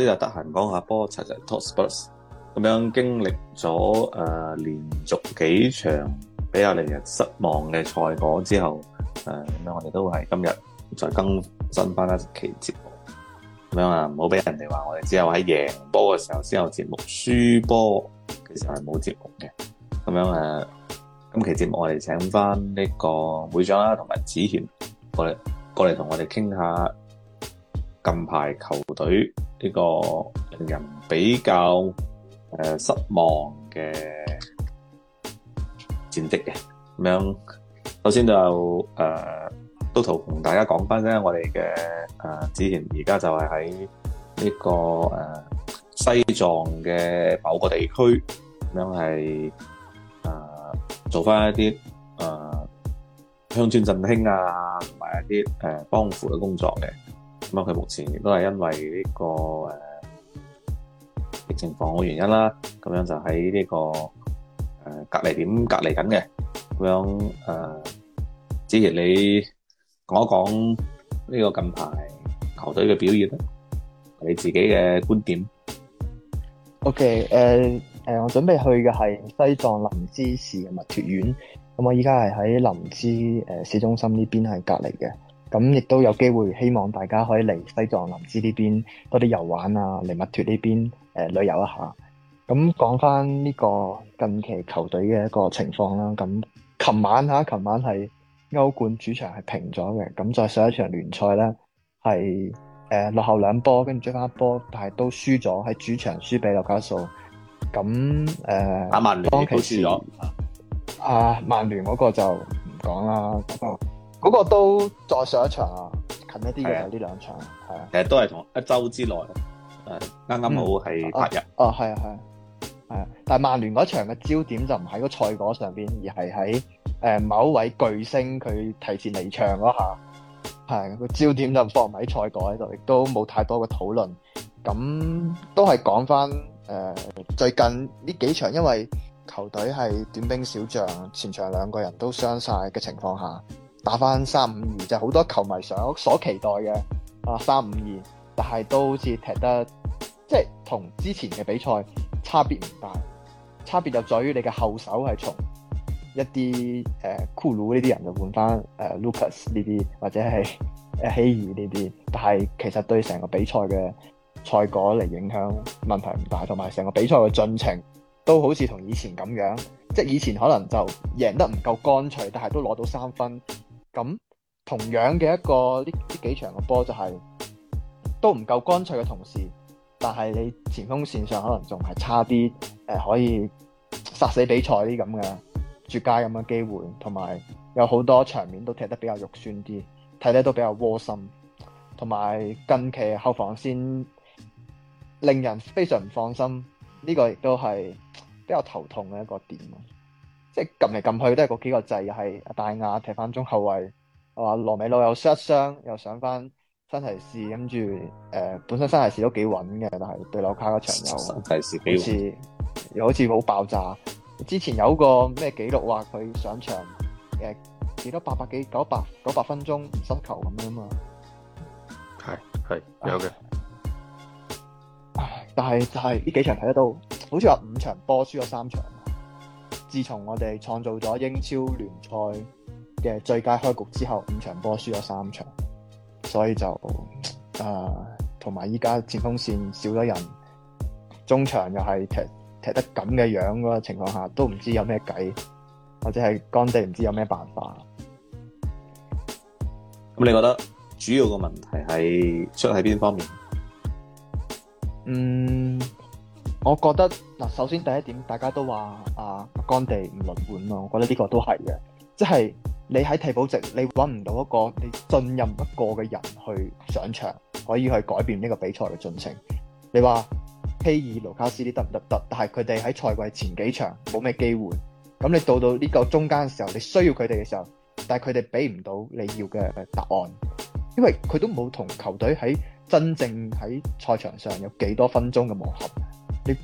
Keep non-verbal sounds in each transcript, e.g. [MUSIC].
呢就得閒講下波，齊齊 Talk Spurs 咁樣經歷咗誒連續幾場比較令人失望嘅賽果之後，誒咁樣我哋都係今日再更新翻一期節目，咁樣啊，唔好俾人哋話我哋只有喺贏波嘅時候先有節目，輸波其實係冇節目嘅。咁樣誒、呃，今期節目我哋請翻呢個會長啦，同埋子賢過嚟過嚟同我哋傾下。近排球隊呢個令人比較誒失望嘅戰績嘅咁樣，首先就誒都同大家講翻咧，我哋嘅誒子賢而家就係喺呢個誒西藏嘅某個地區咁樣係誒做翻一啲誒鄉村振興啊，同埋一啲誒幫扶嘅工作嘅。咁啊，佢目前亦都係因為呢、這個誒疫、呃、情防控原因啦，咁樣就喺呢、這個誒、呃、隔離點隔離緊嘅，咁樣，誒、呃，之前你講一講呢個近排球隊嘅表現啦，你自己嘅觀點。O K，誒誒，我準備去嘅係西藏林芝市嘅墨脱縣。咁我依家係喺林芝誒市中心呢邊，係隔離嘅。咁亦都有機會，希望大家可以嚟西藏林芝呢邊多啲遊玩啊，嚟墨脫呢邊誒、呃、旅遊一下。咁講翻呢個近期球隊嘅一個情況啦。咁琴晚吓，琴、啊、晚係歐冠主場係平咗嘅。咁再上一場聯賽咧，係誒、呃、落後兩波，跟住追翻一波，但係都輸咗喺主場輸俾紐卡素。咁誒，阿、呃、曼、啊、聯好輸咗。啊，曼聯嗰個就唔講啦。嗰個都再上一場啊，近一啲嘅呢兩場，係啊，其、啊、都係同一周之內，啱啱好係八日，哦係、嗯、啊啊啊，啊，啊，但係曼聯嗰場嘅焦點就唔喺個賽果上面，而係喺、呃、某位巨星佢提前離場嗰下，係個、啊、焦點就放唔喺賽果喺度，亦都冇太多嘅討論。咁都係講翻、呃、最近呢幾場，因為球隊係短兵小將，前場兩個人都傷晒嘅情況下。打翻三五二，就係好多球迷想所期待嘅啊三五二，3, 5, 2，但係都好似踢得即係同之前嘅比賽差別唔大，差別就在於你嘅後手係從一啲誒庫魯呢啲人就換翻、呃、Lucas 呢啲或者係希爾呢啲，但係其實對成個比賽嘅賽果嚟影響問題唔大，同埋成個比賽嘅進程都好似同以前咁樣，即係以前可能就贏得唔夠乾脆，但係都攞到三分。咁同樣嘅一個呢呢幾場嘅波就係、是、都唔夠乾脆嘅同時，但係你前鋒線上可能仲係差啲，誒、呃、可以殺死比賽啲咁嘅絕佳咁嘅機會，同埋有好多場面都踢得比較肉酸啲，睇得都比較窩心，同埋近期後防線令人非常唔放心，呢、這個亦都係比較頭痛嘅一個點。撳嚟撳去都係嗰幾個掣，又係大亞踢翻中後衛，話羅美路又受傷又上翻新提士，跟住誒本身新提士都幾穩嘅，但係對紐卡一場又新提士好似又好似好爆炸。之前有個咩記錄話佢上場誒、呃、幾多八百幾九百九百分鐘唔失球咁樣嘛？係係有嘅，但係但係呢幾場睇得到，好似話五場波輸咗三場。自從我哋創造咗英超聯賽嘅最佳開局之後，五場波輸咗三場，所以就啊，同埋依家前鋒線少咗人，中場又係踢踢得咁嘅樣嗰個情況下，都唔知有咩計，或者係乾地唔知有咩辦法。咁你覺得主要個問題係出喺邊方面？嗯。我覺得嗱，首先第一點，大家都話阿阿甘地唔輪換咯，我覺得呢個都係嘅，即係你喺替補席，你搵唔到一個你信任得過嘅人去上場，可以去改變呢個比賽嘅進程。你話希爾、盧卡斯啲得唔得得？但係佢哋喺賽季前幾場冇咩機會，咁你到到呢個中間嘅時候，你需要佢哋嘅時候，但係佢哋俾唔到你要嘅答案，因為佢都冇同球隊喺真正喺賽場上有幾多分鐘嘅磨合。你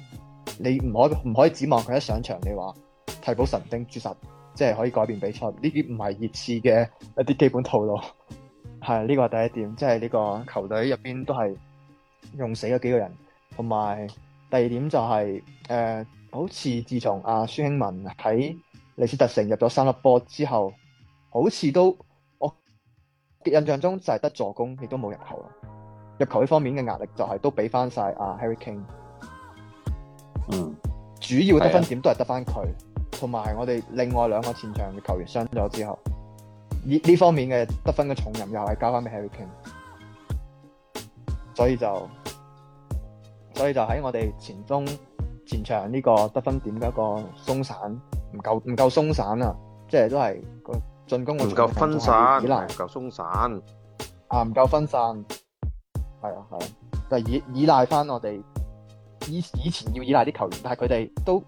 你唔可唔可以指望佢一上場，你話替補神兵絕殺，即係可以改變比賽，呢啲唔係熱刺嘅一啲基本套路。係 [LAUGHS] 呢、這個係第一點，即係呢個球隊入邊都係用死咗幾個人。同埋第二點就係、是、誒、呃，好似自從阿、啊、孫興文喺利斯特城入咗三粒波之後，好似都我印象中就係得助攻，亦都冇入球。入球呢方面嘅壓力就係都俾翻晒阿 Harry Kane。嗯，主要得分點都係得翻佢，同埋的我哋另外兩個前場嘅球員傷咗之後，呢呢方面嘅得分嘅重任又係交翻俾 Harry Kane，所以就，所以就喺我哋前中前場呢個得分點嘅一個鬆散，唔夠唔夠鬆散啊，即係都係個進攻嘅唔夠分散，唔夠鬆散，啊唔夠分散，係啊係啊，就依依賴翻我哋。以以前要依賴啲球員，但係佢哋都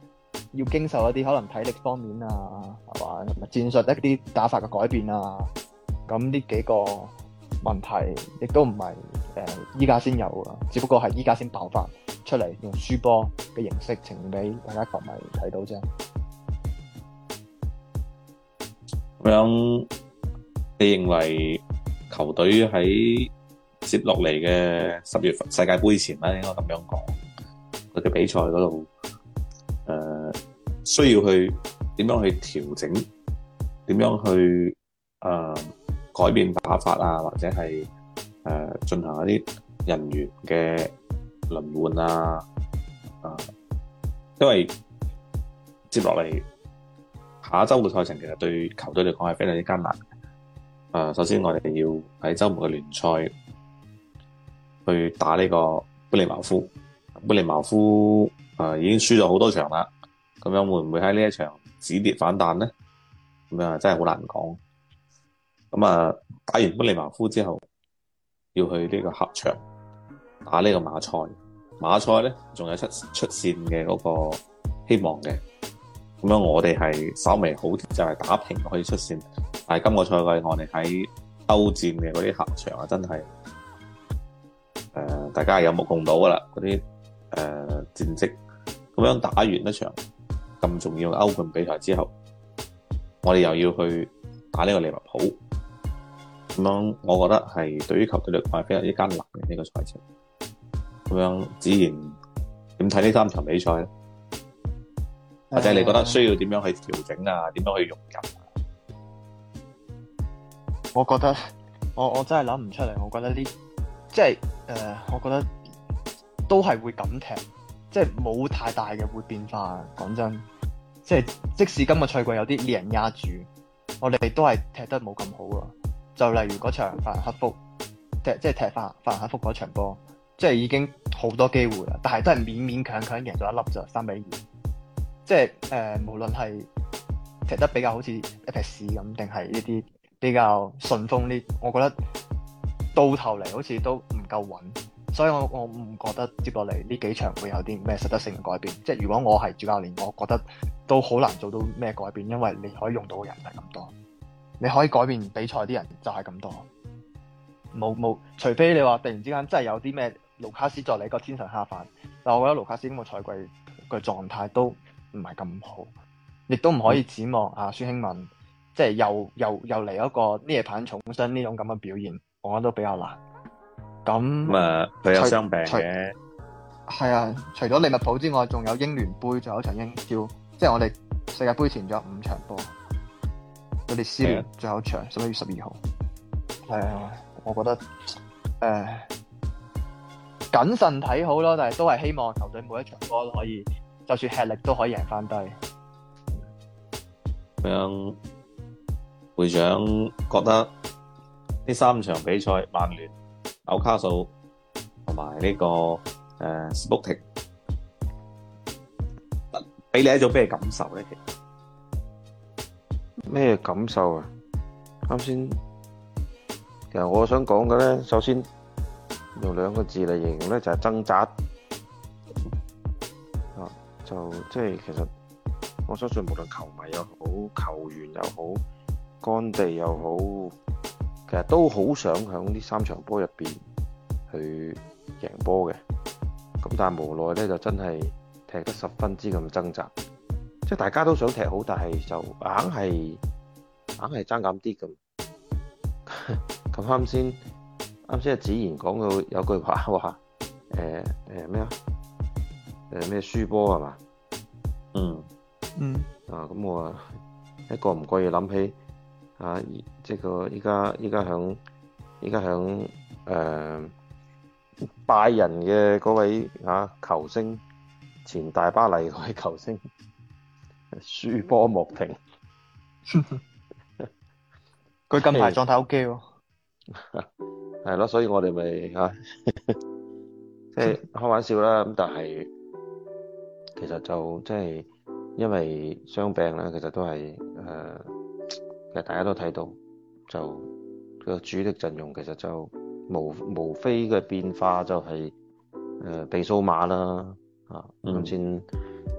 要經受一啲可能體力方面啊，係嘛戰術一啲打法嘅改變啊，咁呢幾個問題亦都唔係誒依家先有嘅，只不過係依家先爆發出嚟，用輸波嘅形式呈現俾大家球迷睇到啫。咁你認為球隊喺接落嚟嘅十月份世界杯前咧，應該咁樣講？嘅比賽嗰度，誒、呃、需要去點樣去調整，點樣去誒、呃、改變打法啊，或者係誒、呃、進行一啲人員嘅輪換啊，啊、呃，因為接落嚟下一週嘅賽程其實對球隊嚟講係非常之艱難的。誒、呃，首先我哋要喺週末嘅聯賽去打呢個般尼茅夫。般尼茅夫啊、呃，已經輸咗好多場啦，咁樣會唔會喺呢一場止跌反彈呢？咁樣真係好難講。咁啊，打完般尼茅夫之後，要去呢個客場打呢個馬賽，馬賽咧仲有出出線嘅嗰個希望嘅。咁樣我哋係稍微好啲，就係、是、打平可以出線。但係今個賽季我哋喺歐戰嘅嗰啲客場啊，真係誒、呃，大家有目共睹噶啦，嗰啲。誒、呃，戰績咁樣，打完一場咁重要嘅歐冠比賽之後，我哋又要去打呢個利物浦，咁樣我覺得係對於球隊嚟講係非常之艱難嘅呢、這個賽程。咁樣子然點睇呢三場比賽咧？或者你覺得需要點樣去調整啊？點、uh, 樣去融入、啊？我覺得，我我真係諗唔出嚟。我覺得呢，即係誒，uh, 我覺得。都係會咁踢，即係冇太大嘅會變化啊。講真，即係即使今個賽季有啲獵人壓住，我哋都係踢得冇咁好咯啊。就例如嗰場法蘭克福踢，即係踢法法蘭克福嗰場波，即係已經好多機會啦，但係都係勉勉強強贏咗一粒就三比二。即係誒，無論係踢得比較好似一皮屎咁，定係呢啲比較順風啲，我覺得到頭嚟好似都唔夠穩。所以我我唔覺得接落嚟呢幾場會有啲咩實質性嘅改變。即係如果我係主教練，我覺得都好難做到咩改變，因為你可以用到嘅人唔係咁多。你可以改變比賽啲人就係咁多，冇冇除非你話突然之間真係有啲咩盧卡斯助你一個天神下凡。但我覺得盧卡斯呢個賽季嘅狀態都唔係咁好，亦都唔可以指望啊孫興文，即係又又又嚟一個涅槃重生呢種咁嘅表現，我覺得都比較難。咁，佢那、嗯、有傷病嘅，係啊。除咗利物浦之外，仲有英聯杯最後一場英超，叫即係我哋世界杯前仲有五場波，我哋私聯最後一場十一的月十二號。係、呃、啊，我覺得誒謹、呃、慎睇好咯，但係都係希望球隊每一場波都可以，就算吃力都可以贏翻低。咁樣，會長覺得呢三場比賽曼聯、紐卡素同埋呢個誒 sporting 俾你一種咩感受咧？咩感受啊？啱先，其實我想講嘅咧，首先用兩個字嚟形容咧，就係掙扎。啊，就即係其實，我相信無論球迷又好，球員又好，干地又好。其實都好想喺呢三場波入邊去贏波嘅，咁但係無奈咧就真係踢得十分之咁掙扎，即係大家都想踢好，但係就硬係硬係爭咁啲咁。咁啱先啱先阿子賢講到有句話話，誒誒咩啊？誒咩輸波係嘛？嗯嗯。啊，咁我一個唔覺意諗起？啊！這即係依家依家響依家響拜仁嘅嗰位、啊、球星，前大巴黎嗰位球星舒波莫廷佢 [LAUGHS] [LAUGHS] 近排狀態好勁喎，係咯，所以我哋咪即係開玩笑啦。咁但係，其實就即係，因為傷病啦其實都係其實大家都睇到，就個主力陣容其實就無無非嘅變化就係誒比蘇馬啦，啊、嗯，啱先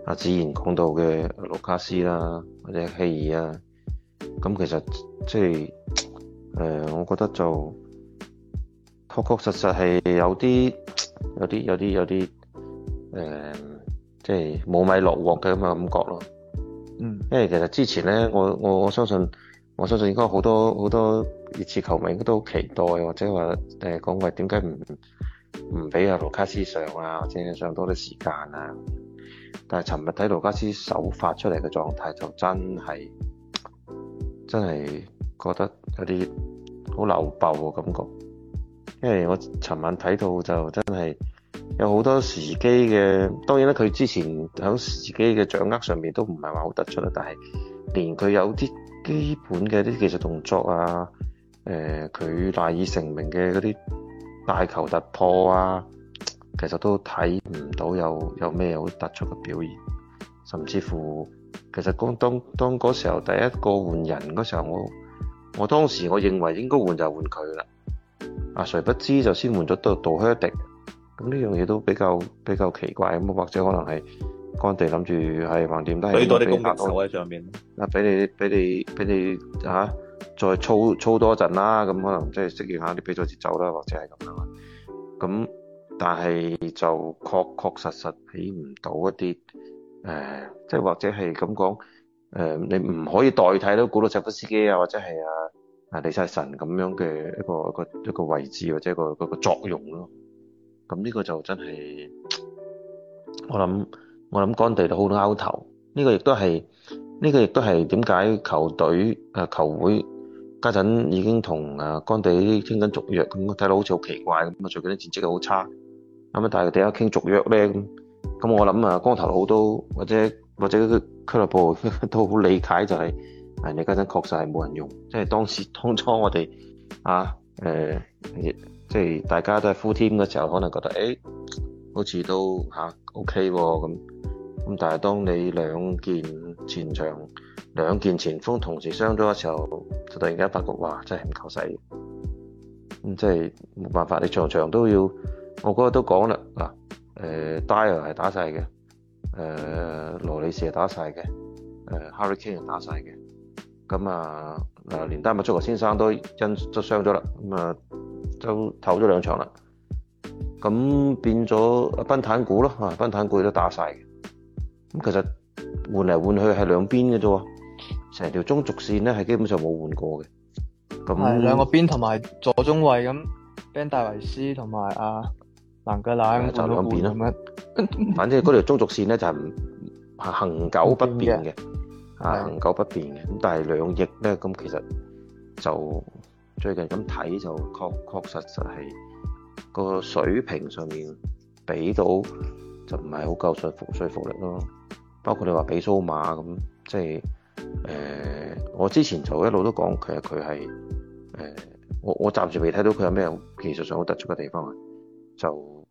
阿子賢講到嘅盧卡斯啦，或者希爾啊，咁其實即係、呃、我覺得就確確實實係有啲有啲有啲有啲誒、呃，即係冇米落鑊嘅咁嘅感覺咯。嗯，因為其實之前咧，我我我相信。我相信應該好多好多熱刺球迷應該都好期待，或者話誒、欸、講話點解唔唔俾阿盧卡斯上啊，或者上多啲時間啊。但係尋日睇盧卡斯首發出嚟嘅狀態，就真係真係覺得有啲好流暴嘅感覺，因為我尋晚睇到就真係有好多時機嘅。當然啦，佢之前喺時機嘅掌握上面都唔係話好突出啦，但係連佢有啲。基本嘅啲技術動作啊，誒佢賴以成名嘅嗰啲帶球突破啊，其實都睇唔到有有咩好突出嘅表現，甚至乎其實講當當嗰時候第一個換人嗰時候，我我當時我認為應該換就換佢啦，啊誰不知就先換咗杜杜靴迪，咁呢樣嘢都比較比較奇怪咁啊，或者可能係。干地諗住係橫掂都係俾多啲功德收喺上面，啊俾你俾你俾你嚇再操操多陣啦，咁可能即係適應下你俾咗節奏啦，或者係咁樣啦。咁但係就確確實實起唔到一啲誒，即、呃、係、就是、或者係咁講誒，你唔可以代替到古魯什夫斯基啊，或者係啊啊利撒神咁樣嘅一個個一個位置或者一個嗰個作用咯。咁呢個就真係我諗。我諗干地都好撓頭，呢、這個亦都係呢個亦都係點解球隊誒、啊、球會家陣已經同誒干地呢啲傾緊續約，咁睇到好似好奇怪咁啊！最近啲戰績又好差，咁啊但係點解傾續約咧？咁咁我諗啊，光頭佬都或者或者俱樂部都好理解、就是，就係誒人哋家陣確實係冇人用，即係當時當初我哋啊誒、呃、即係大家都係 full team 嘅時候，可能覺得誒、欸、好似都吓、啊、OK 喎咁。咁但係，當你兩件前場兩件前鋒同時傷咗嘅時候，就突然間發覺，哇，真係唔夠使咁，即係冇辦法。你場場都要，我嗰日都講啦嗱，Dyer 係打晒嘅，誒、呃、羅理士係打晒嘅，誒、呃、Hurricane 又打晒嘅，咁啊誒連丹麥足球先生都因都傷咗啦，咁啊都唞咗兩場啦，咁變咗賓坦古咯，啊賓坦古也都打晒。咁其實換嚟換去係兩邊嘅啫，成條中軸線咧，係基本上冇換過嘅。咁係兩個邊同埋左中衛咁，Ben 戴維斯同埋阿蘭格拿咁都冇換。就兩邊咯，咁樣。反正嗰條中軸線咧就係恆久不變嘅，啊恆久不變嘅。咁但係兩翼咧，咁其實就最近咁睇就確確實實係個水平上面俾到。就唔係好夠說服說服力咯，包括你話比蘇馬咁，即係誒、呃，我之前就一路都講其實佢係誒，我我暫時未睇到佢有咩技術上好突出嘅地方啊，就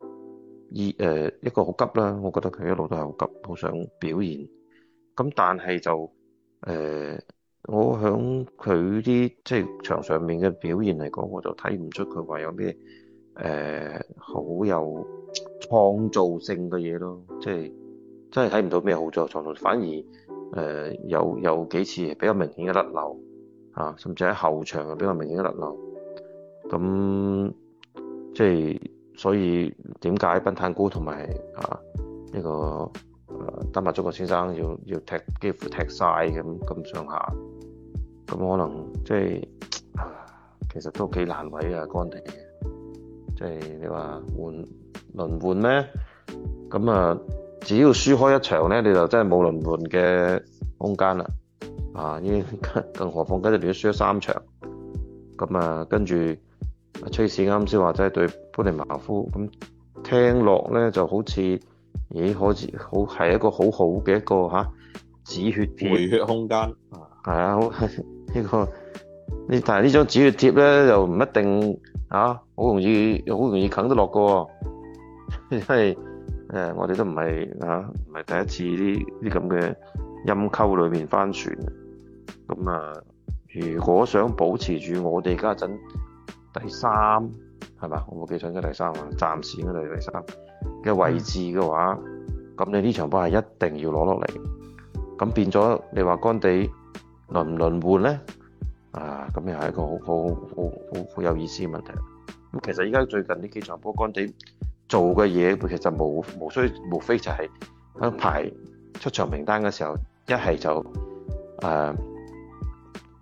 依誒、呃、一個好急啦，我覺得佢一路都係好急，好想表現，咁但係就誒、呃，我喺佢啲即係場上面嘅表現嚟講，我就睇唔出佢話有咩。誒好、呃、有創造性嘅嘢咯，即係真係睇唔到咩好在創造，反而誒、呃、有有幾次比較明顯嘅甩漏啊，甚至喺後場又比較明顯嘅甩漏，咁即係所以點解賓坦姑同埋啊呢、呢個啊丹麥中國先生要要踢幾乎踢晒咁咁上下，咁可能即係、啊、其實都幾難為啊，干地嘅。即係你話換輪換咧，咁啊，只要輸開一場咧，你就真係冇輪換嘅空間啦。啊，依更何況今你都輸咗三場，咁啊，跟住崔氏啱先話齋對布尼馬夫，咁聽落咧就好似，咦，好似好係一個好好嘅一個吓、啊、止血貼。回血空間。係啊，呢、啊這個你但係呢張止血貼咧，又唔一定。啊，好容易，好容易啃得落個、哦，因為誒，我哋都唔係嚇，唔係第一次啲啲咁嘅陰溝裏面翻船。咁啊，如果想保持住我哋家陣第三，係嘛？我冇記錯應該第三啊，暫時應該第三嘅位置嘅話，咁你呢場波係一定要攞落嚟。咁變咗你話乾地輪唔輪換咧？啊，咁又係一個好好好好好有意思嘅問題。咁其實依家最近啲幾場波干地做嘅嘢，佢其實無無需無非就係一排出場名單嘅時候，一係就誒，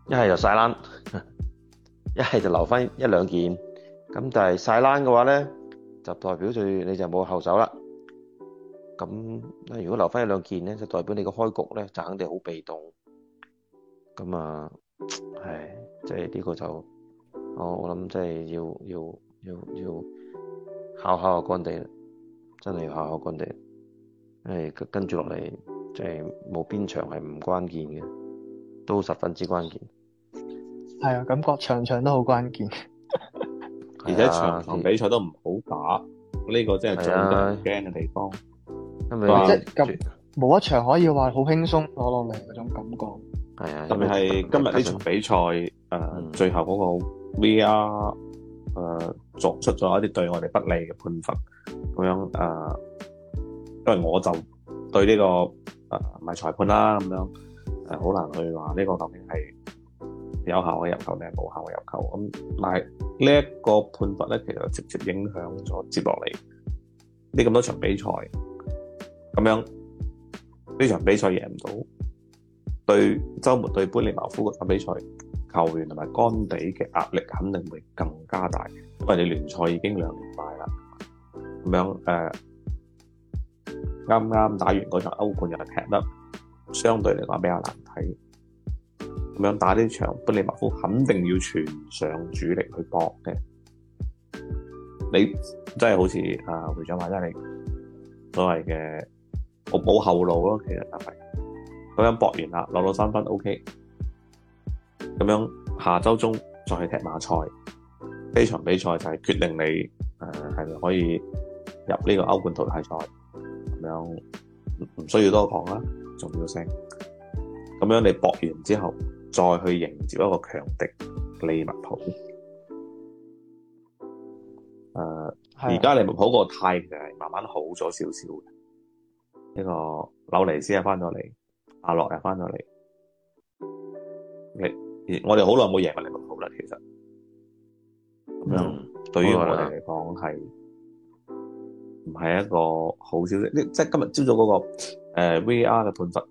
一係就晒冷，一係就留翻一兩件。咁但係晒冷嘅話咧，就代表住你就冇後手啦。咁如果留翻一兩件咧，就代表你個開局咧就肯定好被動。咁啊～係，即係呢個就我我諗，即係要要要要考考下，幹地真係要考考幹地。誒，跟住落嚟，即係冇邊場係唔關鍵嘅，都十分之關鍵。係啊，感覺場場都好關鍵。 [LAUGHS] 而且場場比賽都唔好打，呢 [LAUGHS] 個真係最驚嘅地方。因即係冇一場可以話好輕鬆攞落嚟嗰種感覺。係啊，特別係今日呢場比賽，誒，呃，最後嗰個 VR，誒，呃，作出咗一啲對我哋不利嘅判罰，咁樣誒，呃，因為我就對呢個誒唔係裁判啦，咁樣誒，好，呃，難去話呢個究竟係有效嘅入球定係冇效嘅入球。咁，但係呢一個判罰咧，其實直接影響咗接落嚟呢咁多場比賽，咁樣呢場比賽贏唔到。對周末對本尼茅夫嗰場比賽，球員同埋干地嘅壓力肯定會更加大，因為你聯賽已經兩連敗啦，咁樣誒，啱、呃、啱打完嗰場歐冠又係踢得相對嚟講比較難睇，咁樣打呢場本尼茅夫肯定要全上主力去搏嘅，你真係好似啊會長話即係所謂嘅我冇後路咯，其實真係。但是咁樣博完啦，攞到三分，OK。咁樣下周中再去踢馬賽，呢場比賽就係決定你誒係咪可以入呢個歐冠淘汰賽。咁樣唔需要多講啦，重要聲。咁樣你博完之後，再去迎接一個強敵利物浦。誒、呃，而家利物浦個態度其實係慢慢好咗少少，呢個紐尼斯啊，翻咗嚟。阿樂又翻咗嚟，你、okay. 嗯、我哋好耐冇贏過利物浦啦，其實咁樣、嗯、對於我哋嚟講係唔係一個好消息。即係今日朝早嗰、那個誒、呃、VR 嘅判罰，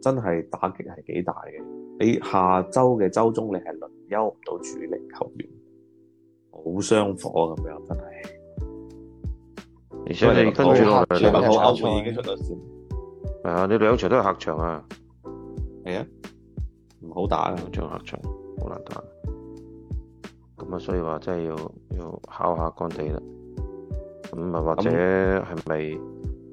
真係打擊係幾大嘅。你下周嘅周中你係輪休唔到主力球員，好傷火咁樣，真係。而且你跟住利物浦歐冠已經出咗線。係啊，你兩場都係客場啊，係啊，唔好打啊，做客場好難打。咁啊，所以話真係要要考下干地啦。咁啊，或者係咪？啊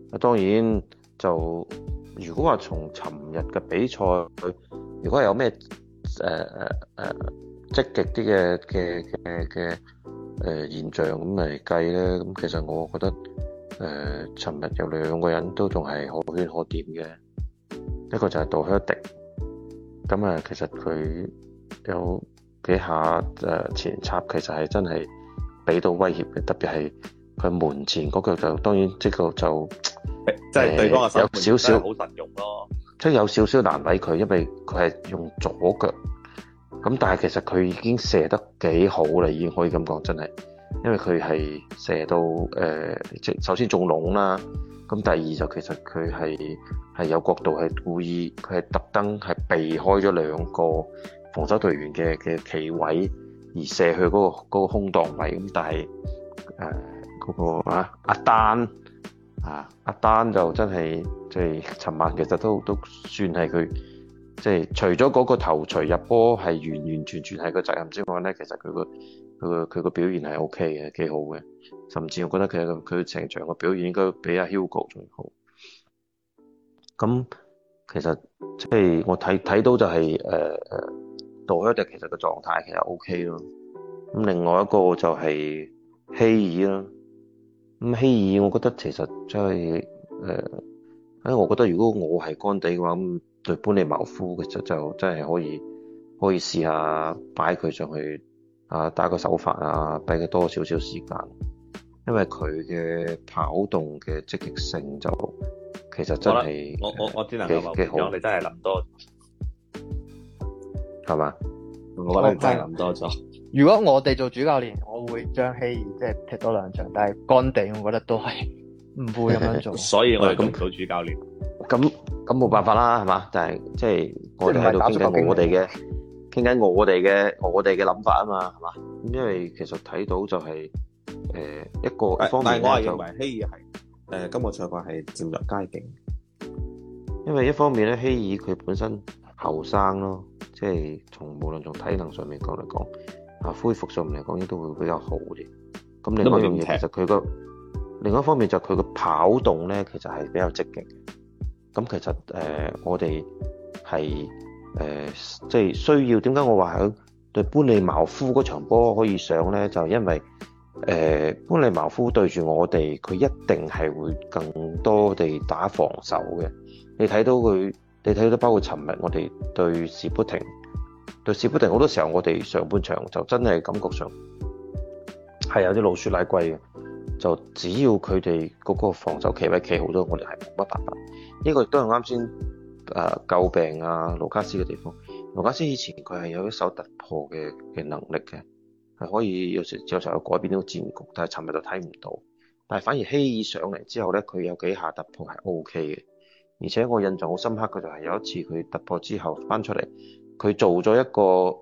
那，當然就如果話從尋日嘅比賽去，如果係有咩誒誒誒積極啲嘅嘅嘅嘅誒現象咁嚟計咧，咁其實我覺得。誒，尋日、呃、有兩個人都仲係可圈可點嘅，一個就係杜克迪，咁啊，其實佢有幾下誒、呃、前插，其實係真係俾到威脅嘅，特別係佢門前嗰腳就，當然即個就即係、欸就是、對方、呃、有少少好神用咯，即係有少少難為佢，因為佢係用左腳，咁但係其實佢已經射得幾好啦，已經可以咁講，真係。因為佢係射到誒，即、呃、首先中籠啦，咁第二就其實佢係係有角度係故意，佢係特登係避開咗兩個防守隊員嘅嘅企位而射去嗰個嗰個空檔位，咁但係誒嗰個啊阿丹啊阿丹就真係即係尋晚其實都都算係佢即係除咗嗰個頭槌入波係完完全全係個責任之外咧，其實佢個。佢個佢個表現係 O K 嘅，幾好嘅。甚至我覺得佢佢成場嘅表現應該比阿 Hugo 仲好。咁其實即係、就是、我睇睇到就係誒誒 Doyle 其實個狀態其實 O K 咯。咁另外一個就係希爾啦。咁希爾我覺得其實真係誒，我覺得如果我係乾地嘅話，咁對般尼茅夫其實就真係可以可以試下擺佢上去。啊！打個手法啊，俾佢多少少時間，因為佢嘅跑動嘅積極性就其實真係我我我只能佢好，你真係諗多，係嘛吧？我覺得真係諗多咗。如果我哋做主教練，我會將希兒即係踢多兩場，但係乾地我覺得都係唔會咁樣做。 [LAUGHS] 所以我又做唔到主教練。咁咁冇辦法啦，係嘛？但係即係我哋喺度傾緊我哋嘅。聽緊我哋嘅我哋嘅諗法啊嘛，係嘛？因為其實睇到就係、是、誒、呃、一個方面，但係我認為希爾係誒、呃、今個賽季係漸入佳境，因為一方面咧，希爾佢本身後生咯，即係從無論從體能上面講嚟講，啊恢復上面嚟講，亦都會比較好啲。咁另外一樣嘢，其實佢個另外一方面就係佢個跑動咧，其實係比較積極。咁其實誒、呃、我哋係。誒、呃，即係需要點解我話喺對搬利茅夫嗰場波可以上咧？就因為誒，搬、呃、利茅夫對住我哋，佢一定係會更多地打防守嘅。你睇到佢，你睇到包括尋日我哋對士砵亭，對士砵亭好多時候我哋上半場就真係感覺上係有啲老鼠拉龜嘅。就只要佢哋嗰個防守企位企好多，我哋係冇乜辦法。呢、這個亦都係啱先。誒、呃、救病啊！盧卡斯嘅地方，盧卡斯以前佢係有一手突破嘅嘅能力嘅，係可以有時有時候有改變到戰局，但係尋日就睇唔到。但係反而希爾上嚟之後咧，佢有幾下突破係 O K 嘅，而且我印象好深刻嘅就係有一次佢突破之後翻出嚟，佢做咗一個誒、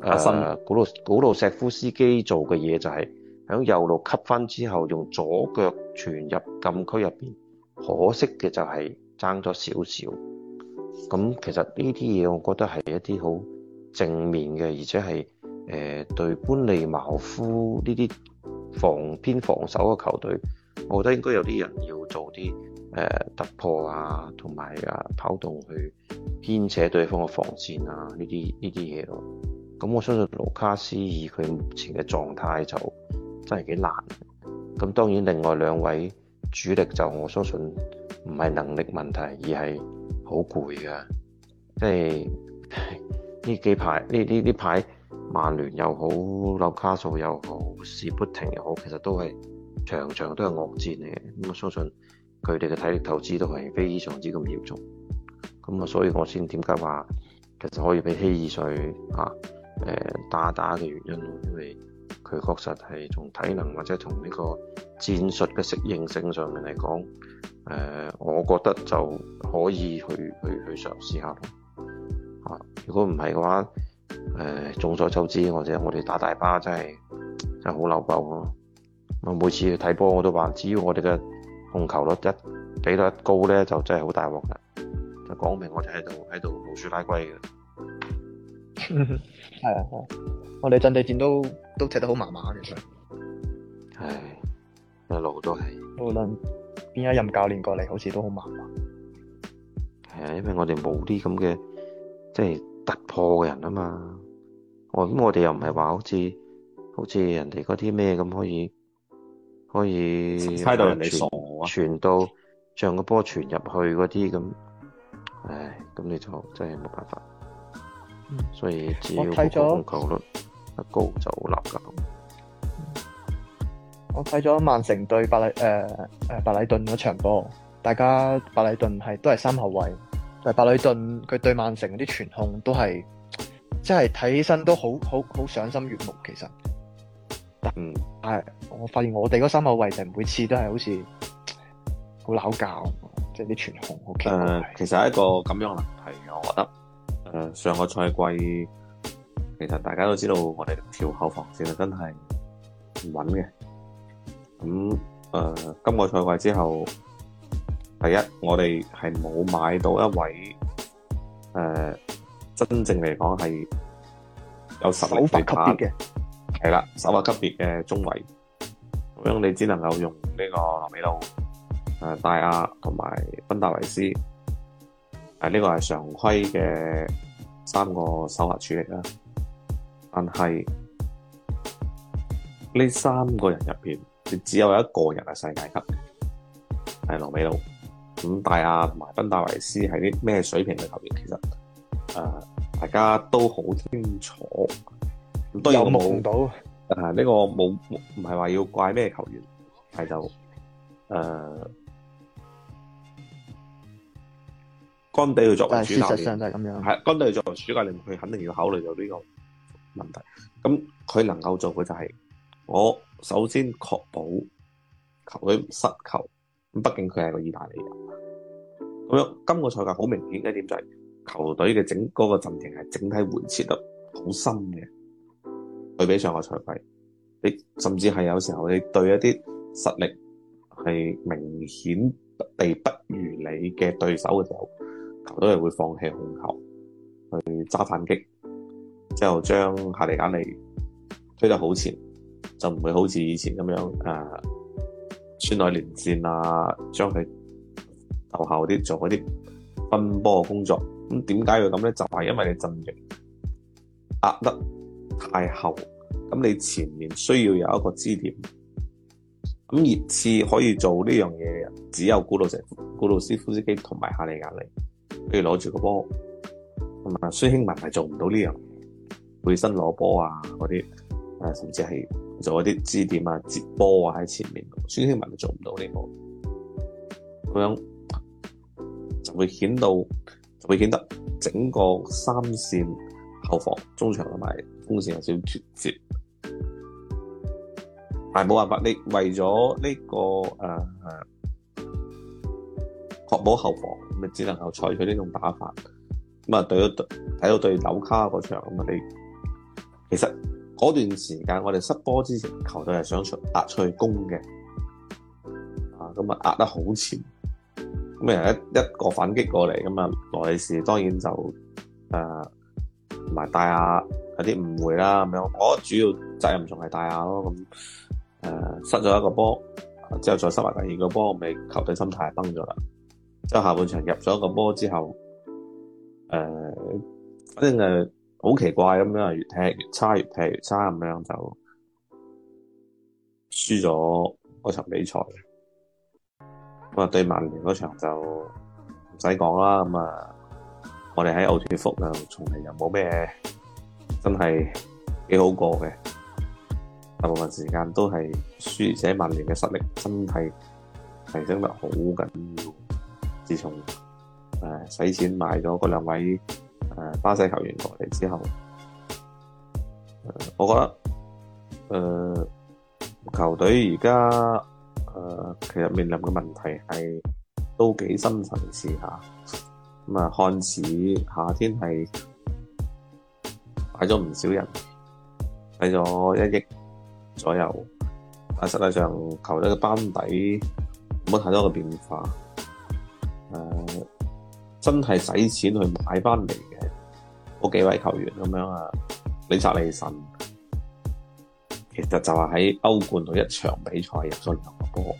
啊呃、古魯古路石夫斯基做嘅嘢、就係，就係喺右路吸翻之後，用左腳傳入禁區入邊。可惜嘅就係爭咗少少。咁其實呢啲嘢，我覺得係一啲好正面嘅，而且係誒、呃、對班尼茅夫呢啲防偏防守嘅球隊，我覺得應該有啲人要做啲誒、呃、突破啊，同埋啊跑動去牽扯對方嘅防線啊，呢啲呢啲嘢咯。咁我相信盧卡斯以佢目前嘅狀態就真係幾難的。咁當然另外兩位主力就我相信唔係能力問題，而係。好攰嘅，即係呢幾排呢呢呢排曼聯又好，紐卡素又好，士砵亭又好，其實都係場場都係惡戰嚟嘅。咁我相信佢哋嘅體力投資都係非常之咁嚴重。咁啊，所以我先點解話其實可以俾希爾水啊、誒、呃、打打嘅原因咯，因為。佢確實係從體能或者從呢個戰術嘅適應性上面嚟講，誒，我覺得就可以去去去嘗試下。啊，如果唔係嘅話，誒、呃，眾所周知，或者我哋打大巴真係真係好漏爆喎、啊！我每次去睇波我都話，只要我哋嘅控球率一比到一高咧，就真係好大鑊啦！就講明我哋喺度喺度老鼠拉龜嘅。係 [LAUGHS] 啊，啊，我哋陣地戰都都踢得好麻麻其實。唉，一路都係。無論邊一任教練過嚟，好似都好麻麻。係啊，因為我哋冇啲咁嘅，即係突破嘅人啊嘛。我咁，我哋又唔係話好似好似人哋嗰啲咩咁可以可以派到人哋傻瓜傳到像個波傳入去嗰啲咁，唉，咁你就真係冇辦法。所以只要個控球率一高，就我睇咗、嗯、曼城對白禮誒、呃、白禮頓嗰場波，大家白禮頓係都係三後衛，但白禮頓佢對曼城嗰啲傳控都係，即係睇起身都好好好賞心悅目。其實，但係我發現我哋嗰三後衛就每次都係好似好鬧交，即係啲傳控是、呃。其實係一個咁樣嘅問題，我覺得。誒，上個賽季其實大家都知道我哋條後防線真係唔穩嘅。咁誒、呃，今個賽季之後，第一我哋係冇買到一位呃真正嚟講係有實力嘅，係啦，首發級別嘅中衛。咁樣你只能夠用呢個羅美路、呃大亞同埋芬達維斯。這呢個係常規嘅三個手下主力啦，但係呢三個人入面只有一個人係世界級的，係羅美路。咁大亞同埋賓戴維斯係啲咩水平嘅球員？其實、呃、大家都好清楚。都有，有，有看到。呢個不唔話要怪咩球員，係就、呃乾地去作為主教練，事實上都係咁樣，係乾地去作為主教練，佢肯定要考慮到呢個問題。咁佢能夠做嘅就係、是、我首先確保球隊唔失球。咁畢竟佢係個意大利人，咁樣今個賽季好明顯一點就係球隊嘅整嗰、那個陣型係整體回撤得好深嘅。對比上個賽季，你甚至係有時候你對一啲實力係明顯地不如你嘅對手嘅時候，球都係會放棄控球去揸反擊，之後將夏利簡尼推到好前，就唔會好似以前咁樣誒、呃，穿內連線啊，將佢投後啲做嗰啲奔波的工作。咁點解要咁呢？就係、是、因為你陣型壓得太後，咁你前面需要有一個支點。咁熱刺可以做呢樣嘢，只有古魯什古魯斯夫斯基同埋夏利簡尼。跟住攞住個波，同埋孫興文係做唔到呢、這、樣、個，背身攞波啊嗰啲，甚至係做一啲支點啊接波啊喺前面，孫興文都做唔到呢、這個，咁樣就會顯到，就會顯得整個三線後防、中場同埋鋒線有少少脫節，但冇辦法，你為咗呢、這個呃確保後防咁，你只能夠採取呢種打法咁啊。那對咗對睇到對紐卡嗰場咁，你其實嗰段時間我哋失波之前，球隊係想出壓出去攻嘅咁啊，壓得好前咁啊一一,一個反擊過嚟咁啊，羅利士當然就誒，同埋大亞有啲誤會啦，咁我主要責任仲係大亞咯，咁誒、呃，失咗一個波之後再失埋第二個波，咪球隊心態崩咗啦。就下半場入咗個波之後，誒、呃，反正誒好奇怪咁樣，越踢越差，越踢越差咁樣就輸咗嗰場比賽。咁啊，對曼聯嗰場就唔使講啦。咁啊，我哋喺奧脫福啊，從嚟又冇咩嘢，真係幾好過嘅。大部分時間都係輸者，而且曼聯嘅實力真係提升得好緊要。自從呃使錢買咗嗰兩位呃巴西球員落嚟之後，呃，我覺得呃球隊而家呃其實面臨嘅問題係都幾深層次吓。咁啊，看似夏天係買咗唔少人，買咗一億左右，但係實際上球隊嘅班底冇太多嘅變化。誒、呃，真係使錢去買翻嚟嘅嗰幾位球員咁樣啊，李察利臣，其實就係喺歐冠度一場比賽入咗兩個波，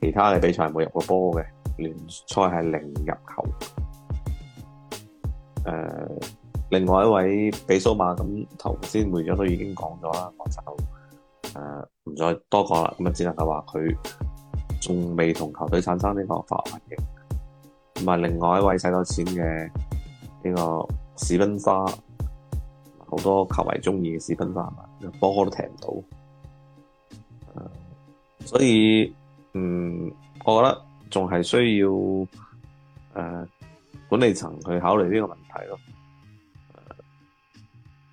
其他嘅比賽係冇入過波嘅，聯賽係零入球。誒、呃，另外一位比蘇馬咁頭先梅哥都已經講咗啦，我就誒唔、呃、再多講啦，咁啊只能夠話佢仲未同球隊產生呢個化學反應。同埋另外一位使咗錢嘅呢個史賓沙，好多球迷鍾意嘅史賓沙，波波都踢唔到。所以，嗯，我覺得仲係需要，誒、呃，管理層去考慮呢個問題咯。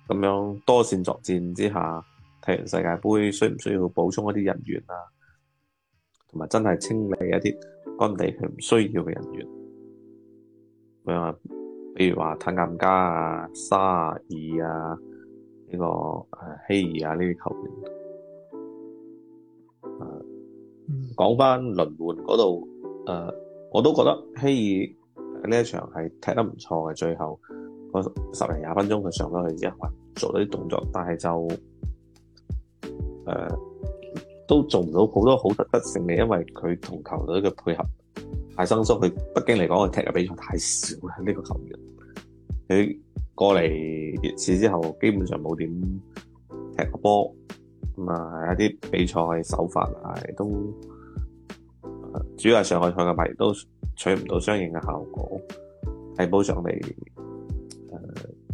咁、呃、樣多線作戰之下，踢完世界杯需唔需要補充一啲人員啊？同埋真係清理一啲安地佢唔需要嘅人員。比如話坦亞加啊、沙爾啊、沙、這、爾、個、啊、呢個希爾啊呢啲球員。啊，講翻輪換嗰度，我都覺得希爾喺呢一場係踢得唔錯嘅。最後嗰十零廿分鐘佢上咗去之後，做咗啲動作，但係就誒、啊、都做唔到好多好實質性嘅，因為佢同球隊嘅配合。太生疏，佢北京嚟講，佢踢嘅比賽太少啦。呢、這個球員佢過嚟熱刺之後，基本上冇點踢過波，咁啊一啲比賽手法啊都主要係上海賽嘅牌都取唔到相應嘅效果，喺補上嚟誒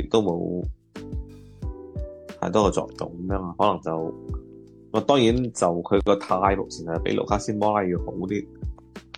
亦都冇太多嘅作用，咁樣可能就我當然就佢個態度成日比盧卡斯摩拉要好啲。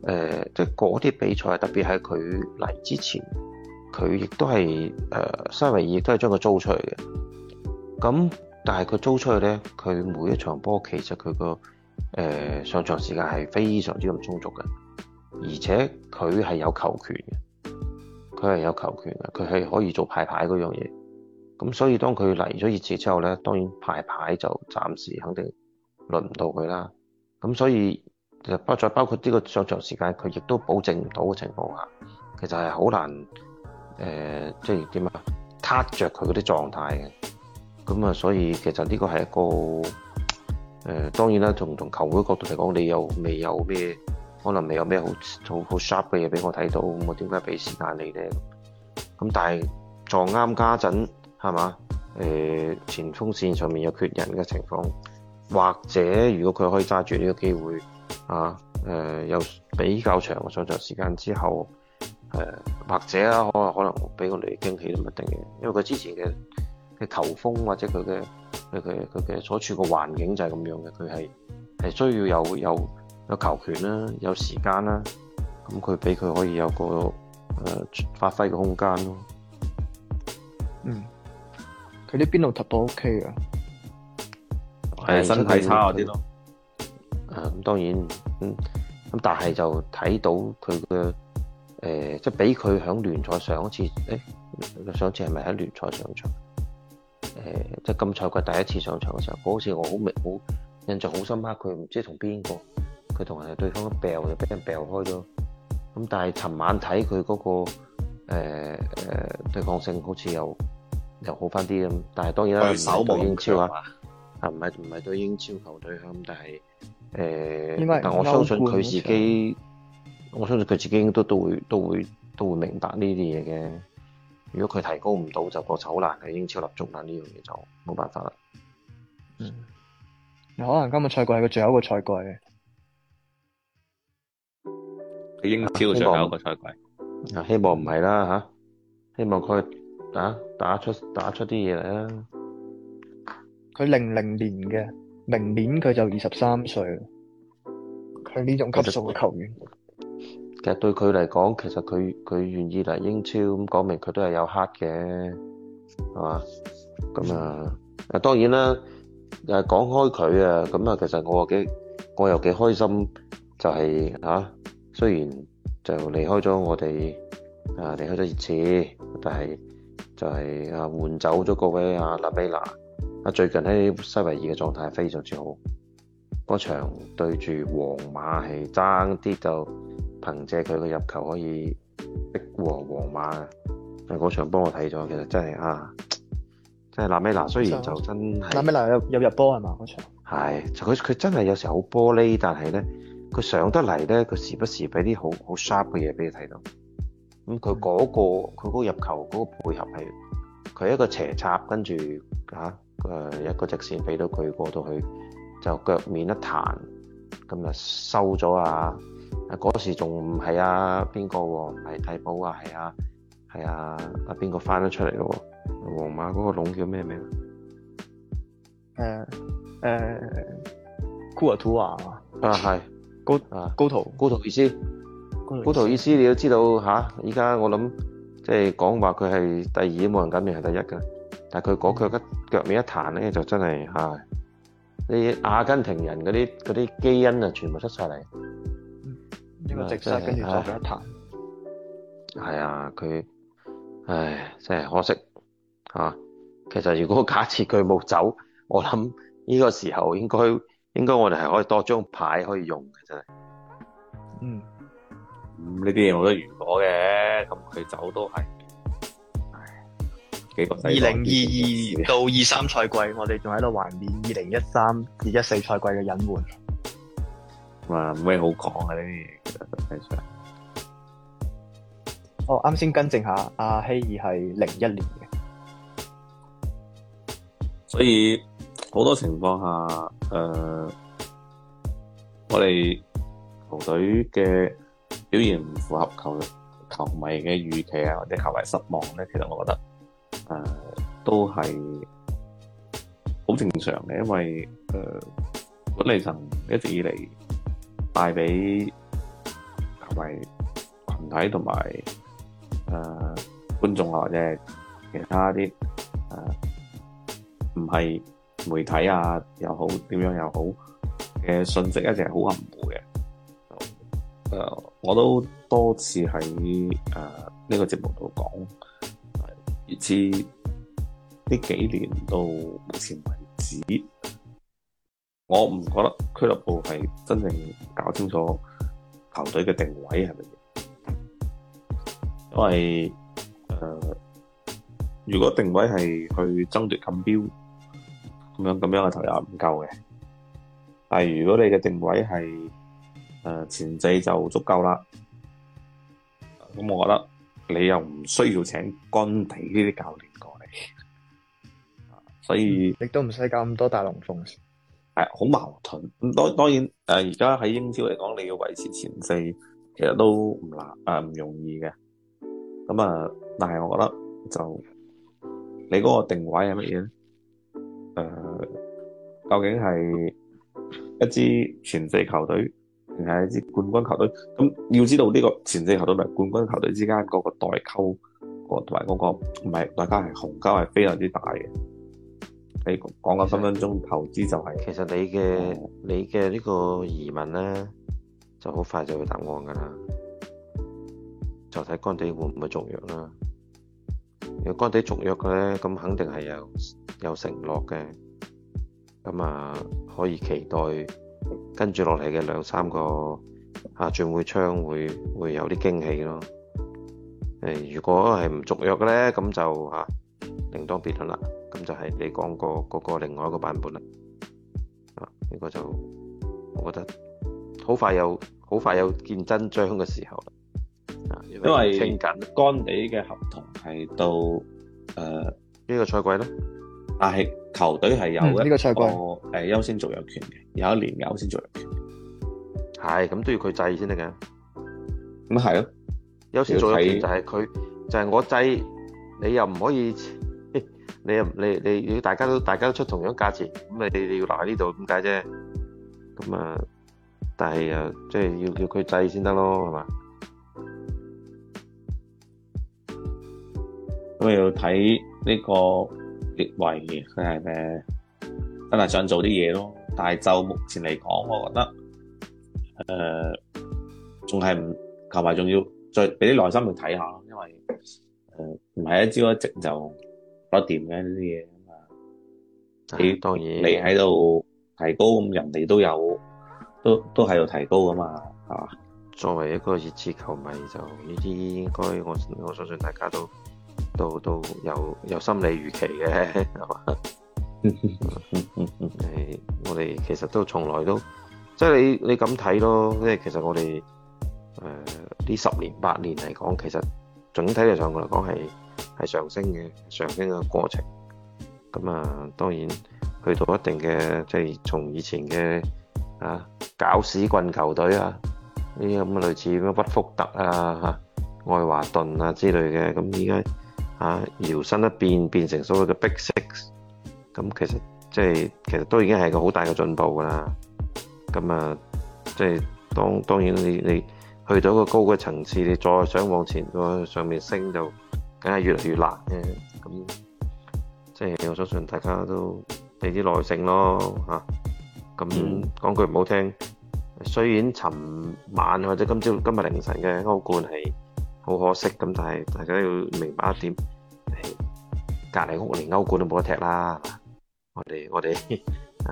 誒、呃，即嗰啲比賽，特別係佢嚟之前，佢亦都係誒西維爾都係將佢租出去嘅。咁，但係佢租出去咧，佢每一場波其實佢個誒上場時間係非常之咁充足嘅，而且佢係有球權嘅，佢係有球權嘅，佢係可以做派牌嗰樣嘢。咁所以當佢嚟咗熱刺之後咧，當然派牌，牌就暫時肯定輪唔到佢啦。咁所以。其實包再包括呢個上場時間，佢亦都保證唔到嘅情況下，其實係好難誒、呃，即係點啊？撻着佢嗰啲狀態嘅咁啊，所以其實呢個係一個誒、呃，當然啦，從從球會角度嚟講，你又未有咩可能未有咩好好好 sharp 嘅嘢俾我睇到，咁我點解俾時間你咧？咁但係撞啱家陣係嘛，誒前鋒線上面有缺人嘅情況，或者如果佢可以揸住呢個機會。啊，誒、呃，又比較長嘅上場時間之後，誒、呃，或者啊，可能可能俾我哋驚喜都唔一定嘅，因為佢之前嘅嘅球風或者佢嘅佢佢佢嘅所處個環境就係咁樣嘅，佢係係需要有有有球權啦，有時間啦，咁佢俾佢可以有個誒、呃、發揮嘅空間咯。嗯，佢呢邊度踢波 OK 嘅，係、欸、身體差啲咯。就是對誒咁、啊、當然，咁、嗯、咁但係就睇到佢嘅誒，即係俾佢喺聯賽上一次，誒、欸、上次係咪喺聯賽上場？誒、呃、即係今賽季第一次上場嘅時候，好似我好明，好印象好深刻，佢唔知同邊、嗯個，佢同人哋對方一掟就俾人掟開咗。咁但係尋晚睇佢嗰個誒誒對抗性好似又又好翻啲咁。但係當然啦，守無有英超啊，係唔係唔係對英超球隊咁，但係。誒、欸，但我相信佢自己，我相信佢自己應該都都會都會都會明白呢啲嘢嘅。如果佢提高唔到，就確實好難喺英超立足啦。呢樣嘢就冇辦法啦。嗯，可能今個賽季係佢最後一個賽季嘅，佢英超最後一個賽季、啊啊。啊，希望唔係啦吓，希望佢打打出打出啲嘢嚟啦。佢零零年嘅。明年佢就二十三歲，佢係呢種級數嘅球員。其實對佢嚟講，其實佢佢願意嚟英超，咁講明佢都係有 heart 嘅，係嘛？咁啊，啊當然啦，啊講開佢啊，咁啊，其實我幾我又幾開心，就係吓，雖然就離開咗我哋啊，離開咗熱刺，但係就係啊換走咗個位阿拉貝拉。啊！最近喺西維爾嘅狀態非常之好，嗰場對住皇馬係爭啲，就憑借佢嘅入球可以逼和皇馬嘅。嗰場幫我睇咗，其實真係啊，真係拉美拿。雖然就真係拉美拿有，有入波係嘛？嗰場係，就佢佢真係有時候好玻璃，但係咧，佢上得嚟咧，佢時不時俾啲好好 sharp 嘅嘢俾你睇到。咁佢嗰個佢嗰個入球嗰個配合係，佢係一個斜插跟住吓。啊誒，呃、一個直線俾到佢過到去，就腳面一彈，咁就收咗啊！嗰時仲唔係啊？邊個喎？係替補啊？係啊？係啊？啊邊、啊、個翻咗出嚟咯？皇馬嗰個龍叫咩名？誒誒、啊，庫爾圖啊！啊係，高啊高圖徒，高圖意思，高圖意，意思，你都知道吓，依、啊、家我諗即係講話佢係第二，冇人敢變係第一噶。但佢嗰腳一腳面一彈咧，就真係嚇、哎！你阿根廷人嗰啲嗰啲基因啊，全部出晒嚟。呢、這個直塞跟住左咗一彈。係啊，佢、就是，唉、哎啊哎，真係可惜、啊、其實如果假設佢冇走，我諗呢個時候應該應該我哋係可以多張牌可以用嘅真係。嗯。咁呢啲嘢冇得如果嘅，咁佢走都係。二零二二到二三賽季，我哋仲喺度懷念二零一三、二一四賽季嘅隱瞞。哇，冇咩好講嘅呢啲嘢。其實哦，啱先更正下，阿、啊、希爾係零一年嘅，所以好多情況下，誒、呃，我哋球隊嘅表現唔符合球球迷嘅預期啊，或者球迷失望咧，其實我覺得。誒、啊，都係好正常嘅，因為誒管理層一直以嚟帶俾球迷群體同埋誒觀眾、啊、或者其他啲誒唔係媒體啊又好點樣又好嘅信息一直係好含糊嘅。誒、嗯，呃，我都多次喺誒呢個節目度講。至呢幾年到目前為止，我唔覺得俱樂部係真正搞清楚球隊嘅定位係乜嘢。因為呃如果定位係去爭奪錦標咁樣，咁樣嘅投入唔夠嘅。但如果你嘅定位係呃前制就足夠啦。咁我覺得。你又唔需要請干地呢啲教練過嚟，所以你都唔使搞咁多大龍鳳。係好矛盾。咁當當然誒而家喺英超嚟講，你要維持前四，其實都唔難，誒、呃、唔容易嘅。咁啊，但係我覺得就你嗰個定位係乜嘢咧？誒、呃，究竟係一支前四球隊？定係一支冠軍球隊，咁要知道呢個前四球隊同冠軍球隊之間嗰個代溝，同埋嗰個唔係大家係鴻溝係非常之大嘅。你講嘅分分鐘實投資就係、是，其實你嘅、哦、你嘅呢個疑問咧，就好快就會有答案噶啦，就睇干地會唔會續約啦。如果干地續約嘅咧，咁肯定係有有承諾嘅，咁啊可以期待。跟住落嚟嘅兩三個啊轉會窗會會有啲驚喜咯。誒，如果係唔續約嘅咧，咁就吓另當別論啦。咁就係你講過嗰個另外一個版本啦。啊，呢、這個就我覺得好快有好快有見真章嘅時候啦。啊、清因為傾緊干地嘅合同係到誒、呃、呢個賽季咧。啊係、啊。球隊係有一個呢個賽季、嗯這個 uh, 優先續約權嘅，有一年嘅優先續約權，係咁都要佢制的那是、啊、先得嘅，咁係咯。優先續約權就係佢，就係我制，你又唔可以，你又你你要大家都大家都出同樣價錢，咁你你要留喺呢度點解啫？但係呀、即係要叫佢制先得咯，係嘛？咁要睇呢個。位佢係誒，真係想做啲嘢咯。但係就目前嚟講，我覺得誒，仲係唔球迷仲要再俾啲耐心去睇下咯。因為誒，唔、呃、係一朝一夕就攞掂嘅呢啲嘢啊。你當然你喺度提高咁，人哋都有，都都喺度提高噶嘛，係嘛？作為一個熱刺球迷，就呢啲應該我我相信大家都。都都有有心理預期嘅，係嘛？誒，我哋其實都從來都即係、就是、你你咁睇咯，即係其實我哋誒呢十年八年嚟講，其實總體嚟上嚟講係係上升嘅上升嘅過程。咁啊，當然去到一定嘅，即係從以前嘅啊搞屎棍球隊啊，呢啲咁嘅類似乜屈福特啊、哈、啊、愛華頓啊之類嘅，咁而家。啊，搖身一變變成所謂嘅 Big Six，咁其實即係其實都已經係個好大嘅進步啦。咁啊，即係當當然你你去到一個高嘅層次，你再想往前上面升就梗係越嚟越難嘅。咁即係我相信大家都俾啲耐性咯。咁、啊、講句唔好聽，雖然尋晚或者今朝今日凌晨嘅歐冠係。好可惜咁，但係大家要明白一點，隔籬屋連歐冠都冇得踢啦。我哋我哋，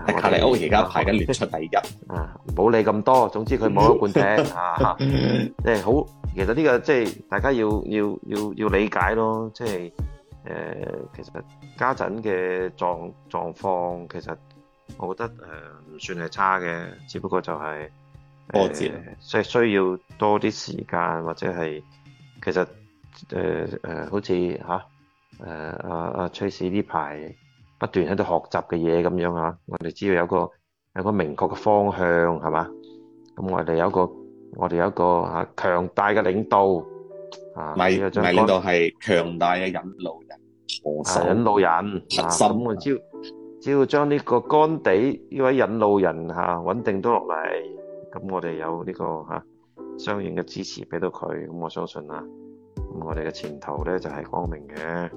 隔籬、 [LAUGHS] uh, 屋而家排緊第一， [LAUGHS] 啊，唔好理咁多，總之佢冇歐冠踢啊吓。好，其實呢、這個即係、就是、大家要要要要理解咯，即係誒，其實家陣嘅狀狀況，其實我覺得誒唔、呃、算係差嘅，只不過就係、是、誒，即、呃、係謝需要多啲時間或者係。其實誒誒、呃呃，好似嚇誒阿阿 Chase 呢排不斷喺度學習嘅嘢咁樣嚇，我哋只要有一個有一個明確嘅方向係嘛？咁我哋有個我哋有一個嚇、啊、強大嘅領導啊，不將領導係強大嘅引路人，啊、引路人咁心、啊、我只要只要將呢個干地呢位引路人嚇穩、啊、定到落嚟，咁我哋有呢、這個嚇。啊相應嘅支持俾到佢，咁我相信啦。咁我哋嘅前途呢，就係、是、光明嘅。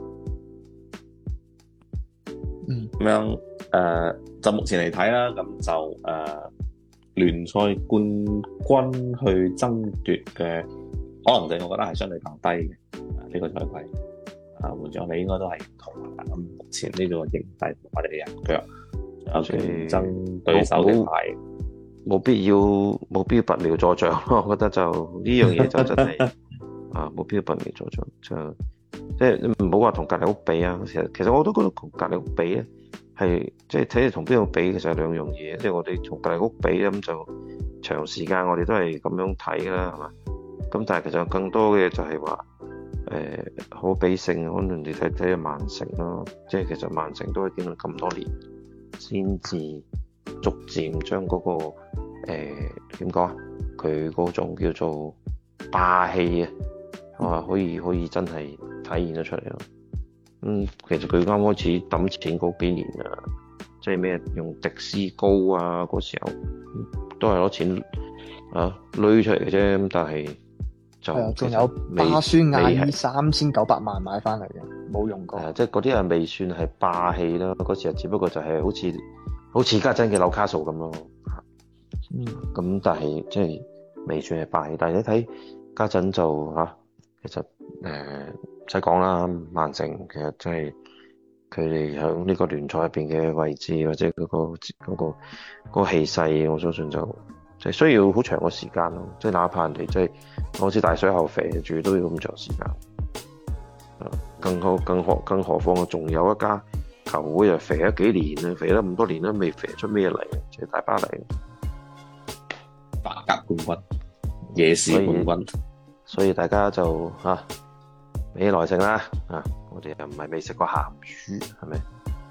咁、嗯、樣誒、呃，就目前嚟睇啦，咁就誒、呃、聯賽冠軍去爭奪嘅，可能性我哋覺得係相對較低嘅呢、這個賽季。啊，換咗你應該都係唔同的、啊。目前呢個形勢，我哋嘅人腳，競全爭對手嘅牌。嗯冇必要，冇必要拔苗助長咯，我覺得就呢樣嘢就真係 [LAUGHS] 啊，冇必要拔苗助長，就即係你唔好話同隔籬屋比啊。其實其實我都覺得同隔籬屋比咧，係即係睇下同邊度比，其實係兩樣嘢。即係我哋同隔籬屋比咁、嗯、就長時間我哋都係咁樣睇啦，係嘛？咁但係其實更多嘅就係話誒好比性，可能你睇睇下曼城咯，即係其實曼城都係見咗咁多年先至。逐漸將嗰、那個誒點講啊，佢嗰種叫做霸氣、嗯、啊，啊可以可以真係體現得出嚟咯。咁、嗯、其實佢啱開始揼錢嗰幾年啊，即係咩用迪斯高啊嗰時候、嗯、都係攞錢啊擂出嚟嘅啫。咁但係就仲有巴酸亞爾三千九百萬買翻嚟嘅，冇用過。即係嗰啲人係未算係霸氣啦。嗰時候只不過就係好似。好似家陣嘅紐卡素咁咯，咁但係即係未算係敗。但係你睇家陣就嚇、啊，其實誒唔使講啦，曼、呃、城其實真係佢哋響呢個聯賽入面嘅位置或者嗰、嗰個嗰、嗰個嗰、嗰個、氣勢，我相信就係、就是、需要好長嘅時間咯。即係哪怕人哋真係好似大水後肥，住都要咁長時間。啊，更何更何更何況仲有一家。球會又肥咗幾年啦，肥咗咁多年都未肥出咩嚟，即係大巴黎，法甲冠軍，夜市冠軍所，所以大家就嚇，畀、啊、耐性啦，啊，我哋又唔係未食過鹹魚，係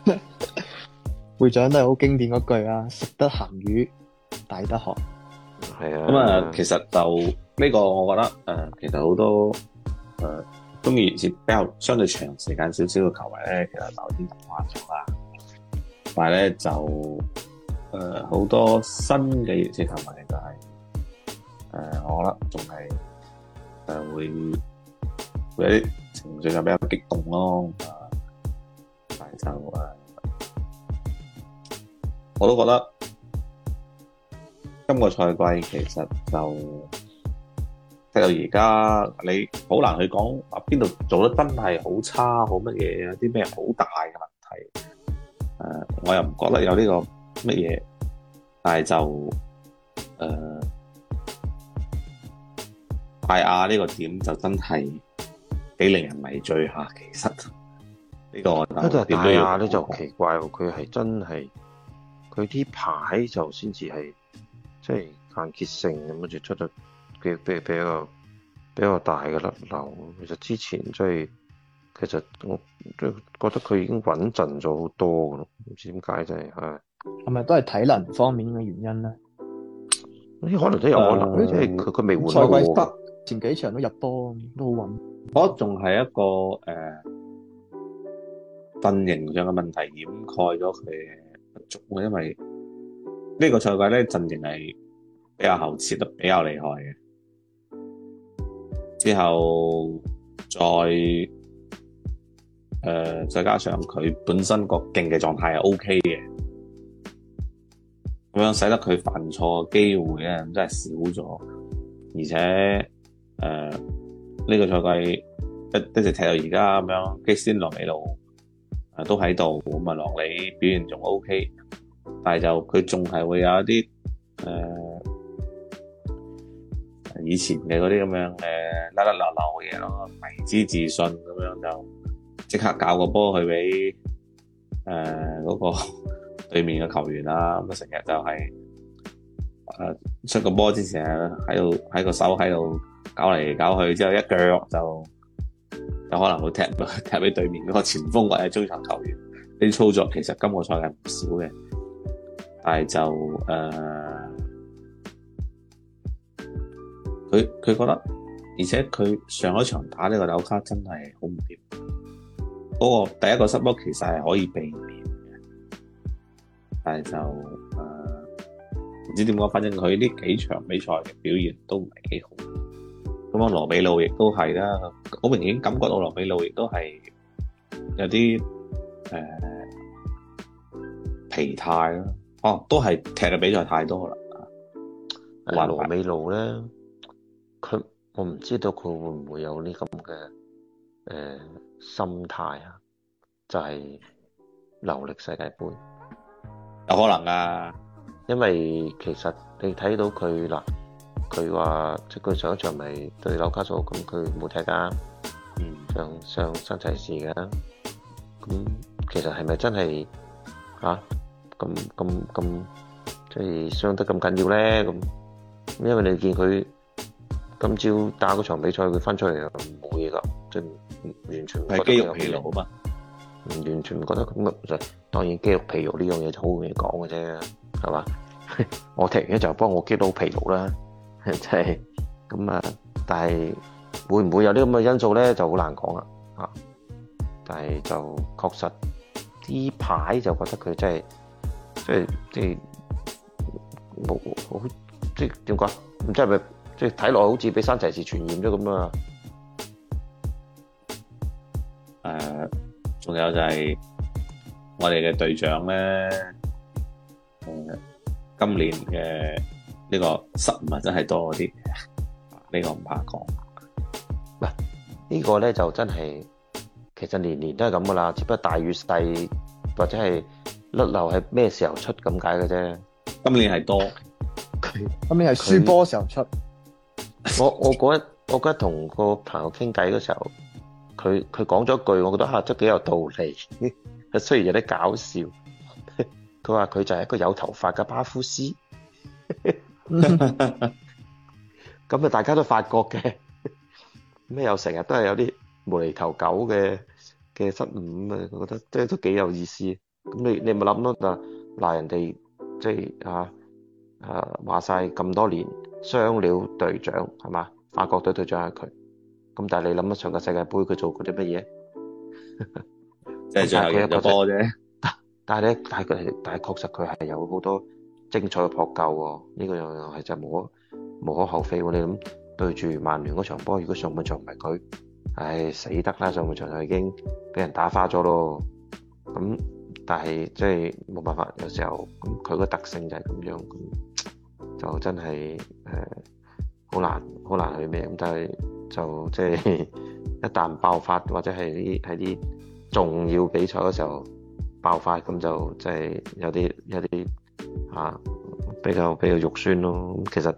咪？ [LAUGHS] 會長都係好經典嗰句啊，食得鹹魚抵得渴，係啊。咁啊，其實就呢個，我覺得誒、呃，其實好多誒。呃中意熱刺比較相對長時間少少嘅球迷呢，其實已經慣咗啦。但係呢，就呃好多新嘅熱刺球迷就係、是、呃我啦，仲係誒會會有啲情緒上比較激動咯。但係啊、呃，我都覺得今、今個賽季其實就～睇到而家，你好難去講啊，邊度做得真係好差，好乜嘢，有啲咩好大嘅問題？誒、呃，我又唔覺得有呢個乜嘢，但係就誒，大亞呢個點就真係幾令人迷醉下其實呢、這個點樣，大亞咧就奇怪，佢係真係佢啲牌就先至係即係間歇性咁就出咗。比比比較比較大嘅甩漏，其實之前即係其實我都覺得佢已經穩陣咗好多嘅咯，唔知點解就係係係咪都係體能方面嘅原因咧？呢可能都有可能，因為佢佢未換賽季得前幾場都入波，都好穩。我仲係一個誒陣型上嘅問題掩蓋咗佢不足，因為呢個賽季咧陣型係比較後撤得比較厲害嘅。之後再誒、呃，再加上佢本身個競技狀態係 O K 嘅，咁樣使得佢犯錯嘅機會咧，真係少咗。而且誒，呢、呃這個賽季一直踢到而家咁樣，激先落尾路，呃、都喺度咁啊，落尾表現仲 O K，但係就佢仲係會有一啲誒。呃以前嘅嗰啲咁樣，誒、呃，甩甩漏漏嘅嘢咯，迷之自信咁樣就即刻搞個波去俾誒嗰個對面嘅球員啦，咁啊成日就係、是、誒、呃、出個波之前喺度喺個手喺度搞嚟搞去，之後一腳就就可能會踢踢俾對面嗰個前鋒或者中場球員。啲操作其實今個賽季唔少嘅，但係就誒。呃佢佢覺得，而且佢上一場打呢個紐卡真係好唔掂。嗰個第一個失波其實係可以避免嘅，但係就誒唔、呃、知點講，反正佢呢幾場比賽嘅表現都唔係幾好。咁啊羅美魯亦都係啦，好明顯感覺到羅美魯亦都係有啲誒疲態咯。哦、呃啊，都係踢嘅比賽太多喇。話羅美魯呢？佢我唔知道佢會唔會有呢咁嘅誒心態啊，就係留力世界盃，有可能噶，因為其實你睇到佢嗱，佢話即佢上一場咪對紐卡素，咁佢冇踢得啱，嗯上上齊事嘅，咁其實係咪真係嚇咁咁咁即係傷得咁緊要咧？咁因為你見佢。今朝打嗰場比賽，佢翻出嚟又冇嘢㗎，即係完全唔係肌肉疲勞啊嘛，唔完全唔覺得咁啊，就當然肌肉皮肉呢樣嘢就好容易講嘅啫，係嘛？ [LAUGHS] 我踢完咧就幫我激到皮肉啦，即係咁啊，但係會唔會有啲咁嘅因素咧，就好難講啦嚇。但係就確實呢排就覺得佢真係即係即係冇，即係點講，唔知係咪？即係睇落好似俾山齊士傳染咗咁啊！誒、呃，仲有就係我哋嘅隊長咧，誒、呃，今年嘅、這個啊這個、呢個失誤真係多啲，呢個唔怕講。唔，呢個咧就真係，其實年年都係咁噶啦，只不過大雨細或者係甩漏係咩時候出咁解嘅啫。今年係多，今年係輸波時候出。我我嗰日我嗰日同個朋友傾偈嗰時候，佢佢講咗句，我覺得吓都幾有道理，佢雖然有啲搞笑，佢話佢就係一個有頭髮嘅巴夫斯，咁啊大家都發覺嘅，咩又成日都係有啲無厘頭狗嘅嘅失誤啊，我覺得即係都幾有意思。咁你你冇諗到，嗱嗱人哋即係啊啊話晒咁多年。傷雙料隊長係嘛？法國隊隊長係佢，咁但係你諗下上個世界杯佢做過啲乜嘢？即係佢一個波啫但。但係咧，但係佢，但係確實佢係有好多精彩嘅撲救喎。呢、這個又又係就冇可無可厚非喎。你諗對住曼聯嗰場波，如果上半場唔係佢，唉、哎、死得啦！上半場就已經俾人打花咗咯。咁但係即係冇辦法，有時候咁佢個特性就係咁樣。就真係誒好難好難去咩咁，但係就即係一旦爆發或者係啲喺啲重要比賽嘅時候爆發，咁就即係有啲有啲嚇比較比較肉酸咯。其實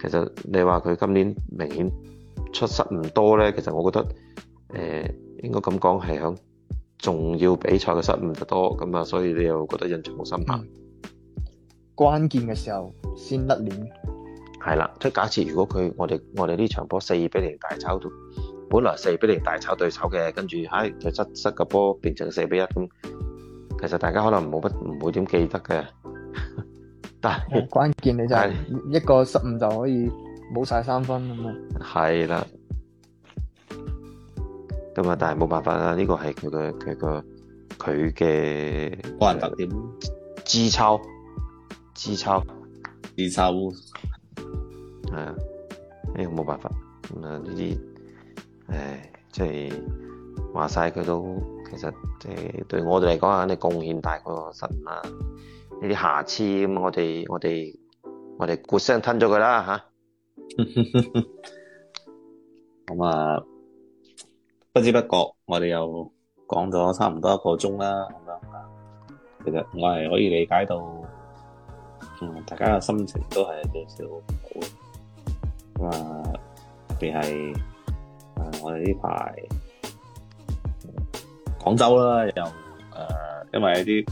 其實你話佢今年明顯出失唔多咧，其實我覺得誒應該咁講係響重要比賽嘅失誤得多咁啊，所以你又覺得印象好深刻。關鍵嘅時候先甩鏈，係啦。即係假設如果佢我哋我哋呢場波四比零大炒到，本來四比零大炒對手嘅，跟住唉佢失失個波變成四比一咁，其實大家可能冇乜唔會點記得嘅。但係關鍵你就係一個失誤就可以冇晒三分咁啊。係啦了，咁啊，但係冇辦法啦，呢、這個係佢嘅佢嘅佢嘅個人特點支抽。他他他的支抄二炒烏，係，呢個冇辦法。咁啊呢啲，唉、哎，即係話晒佢都，其實即係對我哋嚟講，肯定貢獻大過神啦。呢、啊、啲瑕疵，咁、嗯、我哋我哋我哋顧聲吞咗佢啦吓。咁啊呵呵，不知不覺我哋又講咗差唔多一個鐘啦。咁樣，其實我係可以理解到。嗯，大家嘅心情都係有少少唔好嘅、啊。特別係、啊、我哋呢排廣州啦，又、呃、因為一啲疫、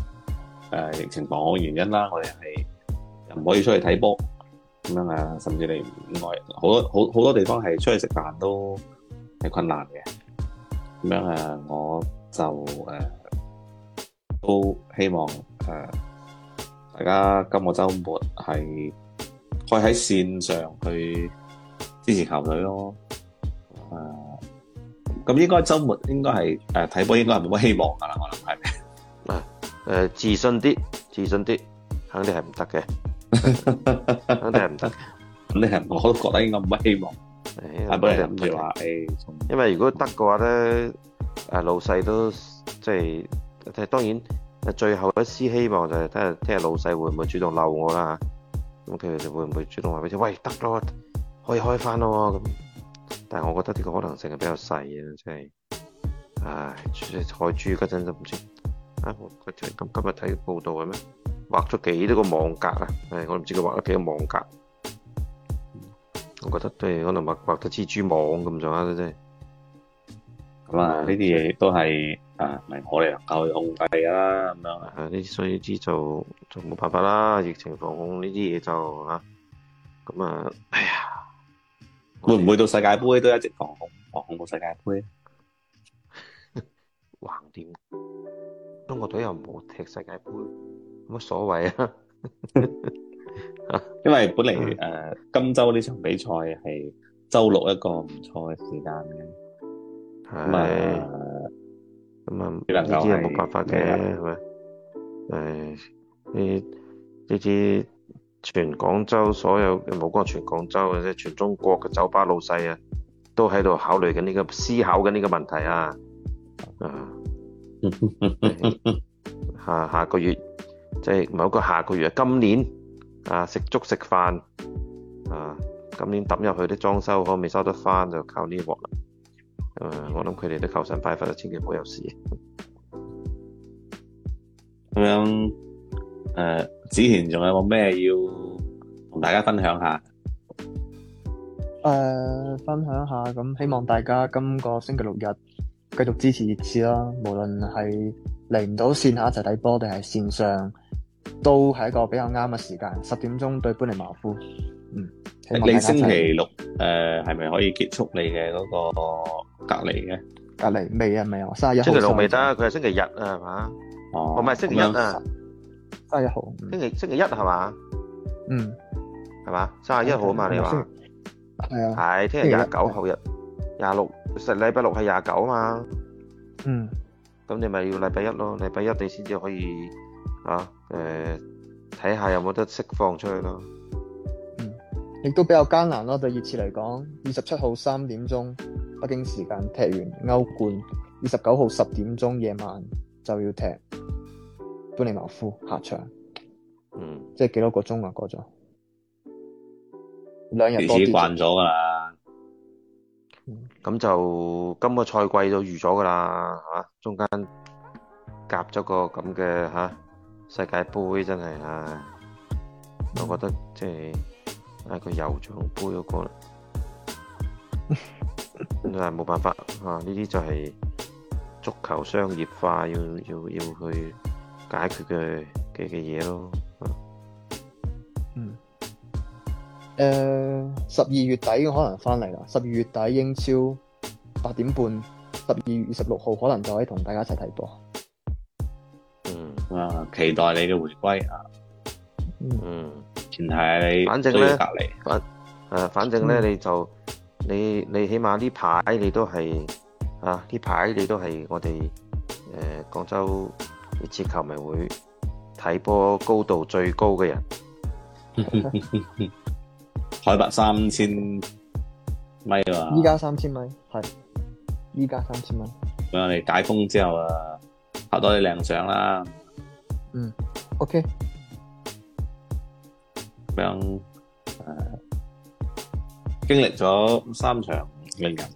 呃、情防控原因啦，我哋係又唔可以出去睇波、啊、甚至你外好多好，好多地方係出去食飯都係困難嘅。咁樣、啊、我就、呃、都希望、呃大家今個周末係可以喺線上去支持球隊咯，誒，咁應該周末應該係誒睇波應該係冇乜希望噶啦，我諗係，啊，誒，自信啲，自信啲，肯定係唔得嘅，肯定係唔得，肯定係我都覺得應該冇乜希望，阿波諗住話誒，因為如果得嘅話咧，誒老細都即係，誒當然。最後一絲希望就係聽日聽日老細會唔會主動留我啦吓，咁佢哋會唔會主動話俾佢，喂得咯，可以開翻咯咁，但係我覺得呢個可能性係比較細嘅，真係，唉，彩珠嗰陣都唔知，啊我今今日睇報道係咩，畫咗幾多個網格啊，誒我唔知佢畫咗幾多網格，我覺得對可能畫畫咗蜘蛛網咁上下啫。咁啊，呢啲嘢都係啊，唔係我哋能夠控制啦，咁樣啊，呢所以呢啲就就冇辦法啦。疫情防控呢啲嘢就啊，咁啊，哎呀，哎呀會唔會到世界杯都一直防控，防控到世界杯？橫掂， [LAUGHS] 中國隊又冇踢世界杯，冇乜所謂啊。 [LAUGHS] 因為本嚟誒、嗯呃，今周呢場比賽係周六一個唔錯嘅時間嘅。係，咁啊是！呢啲係冇辦法嘅，係咪、嗯？係，呢啲全廣州所有冇講全廣州，即係全中國嘅酒吧老細啊，都喺度考慮緊呢、呢個思考緊呢個問題啊！ [LAUGHS] 啊，下下個月即係、就是、某係個下個月啊，食食啊？今年啊，食粥食飯啊，今年揼入去啲裝修可唔未收得翻，就靠呢鑊啦。誒、嗯，我諗佢哋都求神拜佛，千祈唔好有事。咁樣、嗯，誒、呃，子賢仲有冇咩要同大家分享下？誒、呃，分享下，咁希望大家今個星期六日繼續支持熱刺啦，無論係嚟唔到線下一齊睇波，定係線上，都係一個比較啱嘅時間，十點鐘對般尼茅夫，嗯。你星期六誒，係咪可以結束你嘅嗰個隔離嘅？隔離未啊，未啊，卅一。星期六未得，佢係星期日啊嘛。哦，唔係星期一啊，卅一號。星期星期一係嘛？嗯，係嘛？卅一號啊嘛？你話係啊？係，聽日廿九，後日廿六，實禮拜六係廿九啊嘛。嗯，咁你咪要禮拜一咯，禮拜一你先至可以啊，誒，睇下有冇得釋放出去咯。亦都比較艱難咯。對熱刺嚟講，二十七號三點鐘北京時間踢完歐冠，二十九號十點鐘夜晚就要踢本尼茅夫下場，嗯，即係幾多個鐘啊？過咗兩日，自己慣咗啦。咁、嗯、就今個賽季就預咗噶啦，係、啊、嘛？中間夾咗個咁嘅吓世界杯，真係啊，我覺得即係。就是嗯但係佢又醬杯嗰個啦，咁啊冇辦法吓，呢、啊、啲就係足球商業化要要要去解決嘅嘅嘅嘢咯，誒、嗯，十、uh, 二月底可能翻嚟啦，十二月底英超八點半，十二月十六號可能就可以同大家一齊睇波，嗯，啊，期待你嘅回歸啊，嗯。嗯前提，反正咧，隔離誒，反正咧、嗯，你就你你起碼呢排你都係啊，呢排你都係我哋誒廣州熱刺球迷會睇波高度最高嘅人， [LAUGHS] 海拔三千米啊！依家三千米，係依家三千米。咁我哋解封之後啊，拍多啲靚相啦。嗯，OK。咁樣，誒，經歷咗三場令人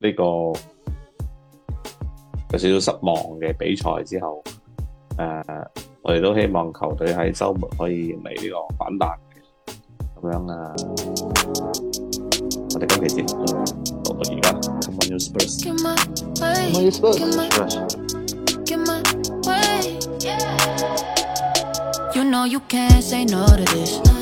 呢個有少少失望嘅比賽之後，誒，我哋都希望球隊喺周末可以迎嚟呢個反彈。咁樣啊，我哋今期節目到到呢度，come on you Spurs，come on you Spurs，Spurs。